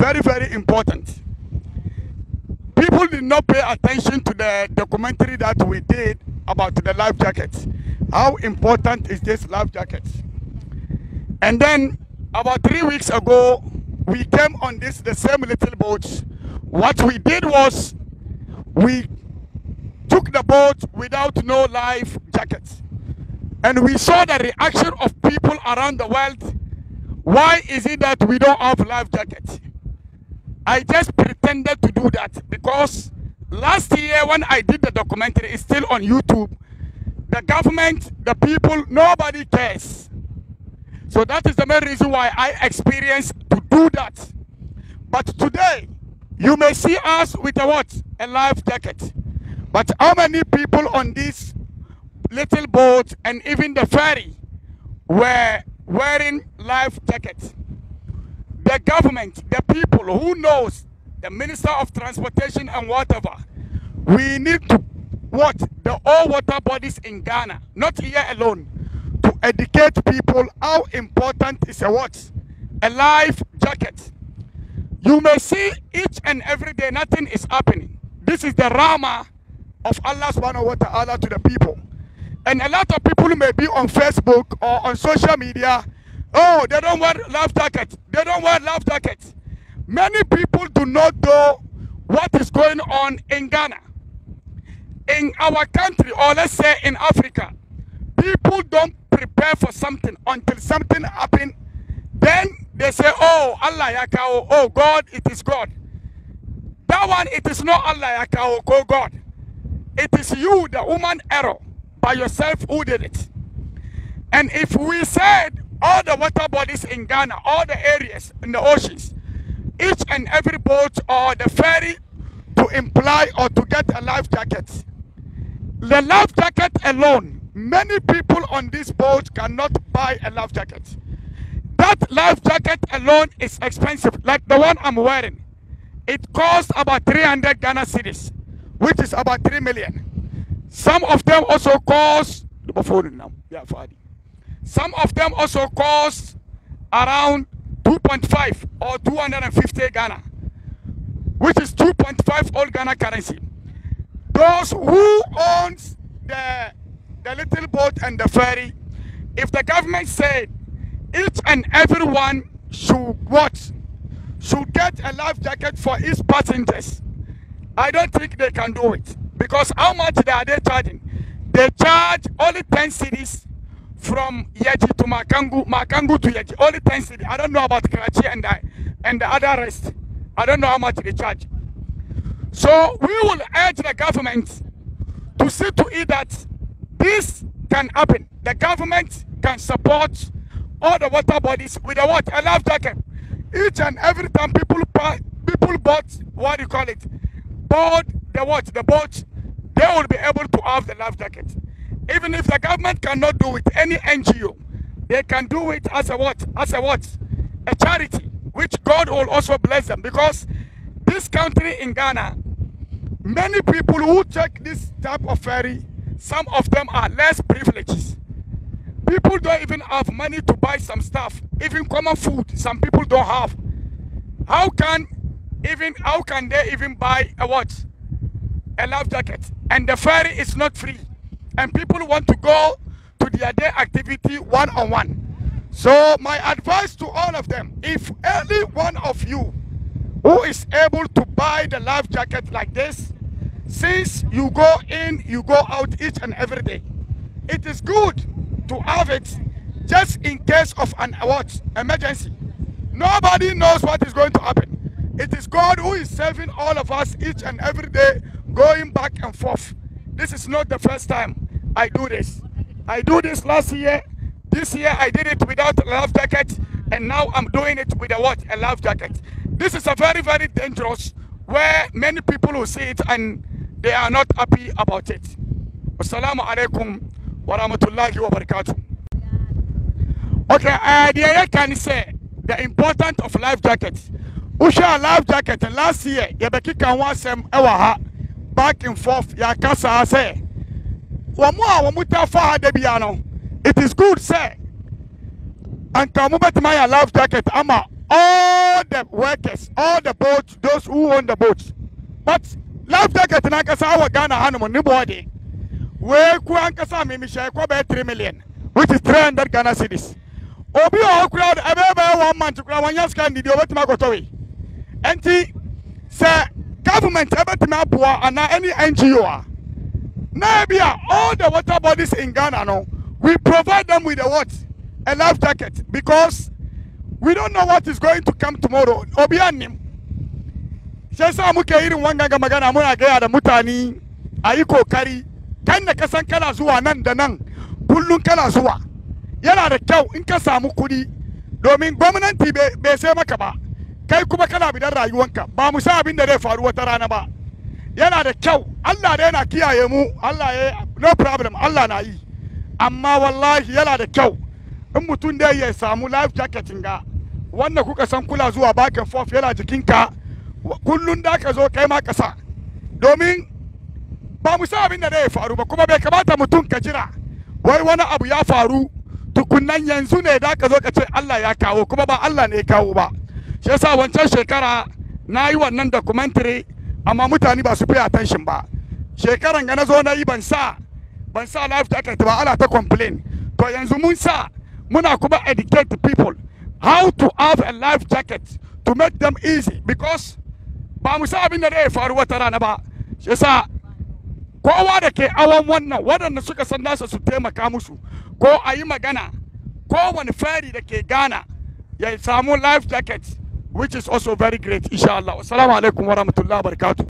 very, very important. People did not pay attention to the documentary that we did about the life jackets. How important is this life jacket? And then about three weeks ago, we came on this, the same little boat. What we did was we took the boat without no life jackets. And we saw the reaction of people around the world. Why is it that we don't have life jackets? I just pretended to do that because last year when I did the documentary, it's still on YouTube. The government, the people, nobody cares. So that is the main reason why I experienced to do that. But today, you may see us with a what? A life jacket. But how many people on this little boat and even the ferry were wearing life jackets? the government, the people who knows, the Minister of Transportation and whatever, we need to what? The all water bodies in Ghana, not here alone, to educate people how important is a what? A life jacket. You may see each and every day nothing is happening. This is the Rama of Allah subhanahu wa ta'ala to the people. And a lot of people may be on Facebook or on social media Oh, they don't want life jackets. They don't want life jackets. Many people do not know what is going on in Ghana. In our country, or let's say in Africa, people don't prepare for something until something happens. Then they say, oh, Allah yakao, oh God, it is God. That one, it is not Allah yakao, oh God. It is you, the human error, by yourself who did it. And if we said all the water bodies in Ghana, all the areas in the oceans, each and every boat or the ferry to imply or to get a life jacket. The life jacket alone, many people on this boat cannot buy a life jacket. That life jacket alone is expensive, like the one I'm wearing. It costs about 300 Ghana cedis, which is about 3 million. Some of them also cost the phone now. Yeah, Fadi. Some of them also cost around 2.5 or 250 Ghana, which is 2.5 old Ghana currency. Those who owns the, the little boat and the ferry, if the government said each and everyone should what? Should get a life jacket for its passengers, I don't think they can do it. Because how much are they charging? They charge only 10 cities from Yaji to Makangu, Makangu to Yaji, only 10 city. I don't know about Karachi and the, uh, and the other rest. I don't know how much they charge. So we will urge the government to see to it that this can happen. The government can support all the water bodies with a what? A life jacket. Each and every time people people bought what do you call it? Bought the what? The boat, they will be able to have the life jacket. Even if the government cannot do it, any NGO, they can do it as a what? As a what? A charity, which God will also bless them. Because this country in Ghana, many people who take this type of ferry, some of them are less privileged. People don't even have money to buy some stuff, even common food, some people don't have. How can even how can they even buy a what? A life jacket. And the ferry is not free and people want to go to their day activity one on one. So, my advice to all of them if any one of you who is able to buy the life jacket like this, since you go in, you go out each and every day, it is good to have it just in case of an what emergency. Nobody knows what is going to happen. It is God who is saving all of us each and every day, going back and forth. This is not the first time. I do this. I do this last year. This year I did it without a life jacket, and now I'm doing it with a what? A life jacket. This is a very, very dangerous where many people will see it and they are not happy about it. Assalamu alaikum wa rahmatullahi wa barakatuh. Okay, uh, the area can say the importance of life jacket. Usha life jacket last year, Yabeki can once them back and forth, Yakasa say wɔn a wɔn ta it is good sɛ anka wɔn bɛtuma yɛ life jacket ama all the workers all the boats those who own the boats but life jacket n'ankasa awɔ ghana hanom nobody. We weeku ankasa mimihyɛ ɛkɔ bɛyɛ three million which is three hundred ghana cedis obi a ɔkura ɛbɛyɛ bɛyɛ one month kura wɔn yɛ scan didi obetuma akɔtɔ wi nti sɛ government ɛbɛtuma aboa ana any ngo a. Nabia, all the water bodies in Ghana, no, we provide them with a what? A life jacket because we don't know what is going to come tomorrow. Obianim. Shesa muke irin wangan magana muna gaya da mutane a yi kokari kasan kala zuwa nan da nan kullum kana zuwa yana da kyau in ka samu kuɗi domin gwamnati bai sai maka ba kai kuma kana bidan rayuwanka ba mu sa abin da zai faru wata rana ba yana da kyau Allah da yana kiyaye mu Allah ya no problem Allah na yi amma wallahi yana da kyau in mutum da ya samu life jacket ga wanda kuka san kula zuwa bakin fof yana jikinka kullun da ka zo kai ma kasa domin ba mu san abin da zai faru ba kuma bai kamata mutum ka jira wai wani abu ya faru tukunnan yanzu ne da ka zo ka ce Allah ya kawo kuma ba Allah ne ya kawo ba shi yasa wancan shekara na yi wannan documentary amma mutane ba su fiye attention ba shekaran ga na zo na yi ban sa ban sa life jacket ba ala ta complain to yanzu mun sa muna kuma educate people how to have a life jacket to make them easy because ba mu sa abin da zai faru wata rana ba shi yasa kowa da ke awon wannan waɗanda suka san nasa su taimaka musu ko a yi magana kowane fari da ke gana ya samu life jacket which is also very great inshallah assalamu alaikum warahmatullahi wabarakatuh